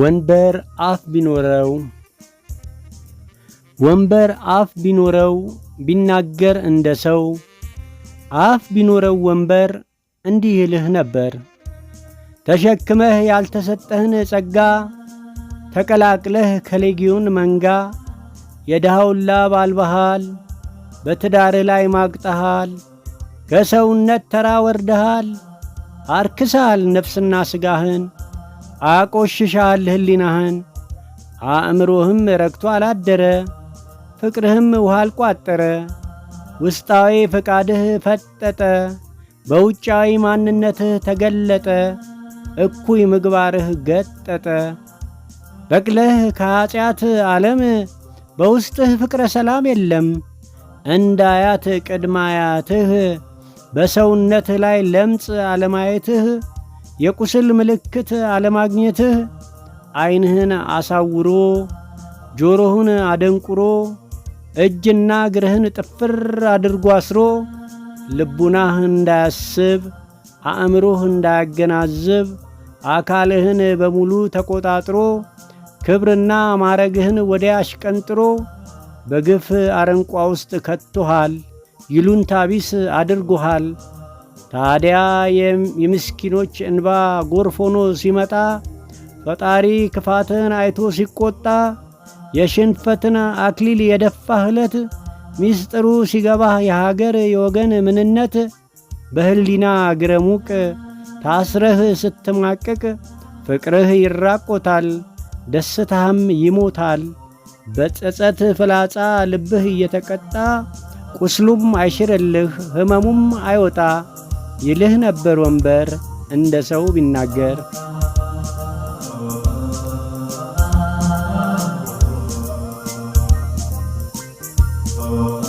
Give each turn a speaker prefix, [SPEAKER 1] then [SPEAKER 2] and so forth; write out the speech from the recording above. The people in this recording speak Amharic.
[SPEAKER 1] ወንበር አፍ ቢኖረው ወንበር አፍ ቢኖረው ቢናገር እንደ ሰው አፍ ቢኖረው ወንበር እንዲህ ይልህ ነበር፣ ተሸክመህ ያልተሰጠህን ጸጋ ተቀላቅለህ ከሌጊዮን መንጋ የድሃውን ላብ አልበሃል፣ በትዳርህ ላይ ማቅጠሃል፣ ከሰውነት ተራ ወርደሃል፣ አርክሰሃል ነፍስና ሥጋህን፣ አቆሽሻል ሕሊናህን፣ አእምሮህም ረግቶ አላደረ፣ ፍቅርህም ውሃ አልቋጠረ ውስጣዊ ፈቃድህ ፈጠጠ፣ በውጫዊ ማንነትህ ተገለጠ፣ እኩይ ምግባርህ ገጠጠ። በቅለህ ከኀጢአት ዓለም በውስጥህ ፍቅረ ሰላም የለም። እንደ አያት ቅድመ አያትህ በሰውነት ላይ ለምጽ አለማየትህ የቁስል ምልክት አለማግኘትህ ዐይንህን አሳውሮ ጆሮህን አደንቁሮ እጅና እግርህን ጥፍር አድርጎ አስሮ ልቡናህ እንዳያስብ አእምሮህ እንዳያገናዝብ አካልህን በሙሉ ተቆጣጥሮ ክብርና ማረግህን ወዲያ አሽቀንጥሮ በግፍ አረንቋ ውስጥ ከቶሃል፣ ይሉን ቢስ አድርጎሃል። ታዲያ የምስኪኖች እንባ ጎርፍ ሆኖ ሲመጣ ፈጣሪ ክፋትህን አይቶ ሲቆጣ የሽንፈትን አክሊል የደፋህ ዕለት ሚስጥሩ ሲገባህ የሀገር የወገን ምንነት በህሊና ግረሙቅ ታስረህ ስትማቅቅ ፍቅርህ ይራቆታል፣ ደስታህም ይሞታል። በጸጸት ፍላጻ ልብህ እየተቀጣ ቁስሉም አይሽርልህ ህመሙም አይወጣ ይልህ ነበር ወንበር እንደ ሰው ቢናገር Oh.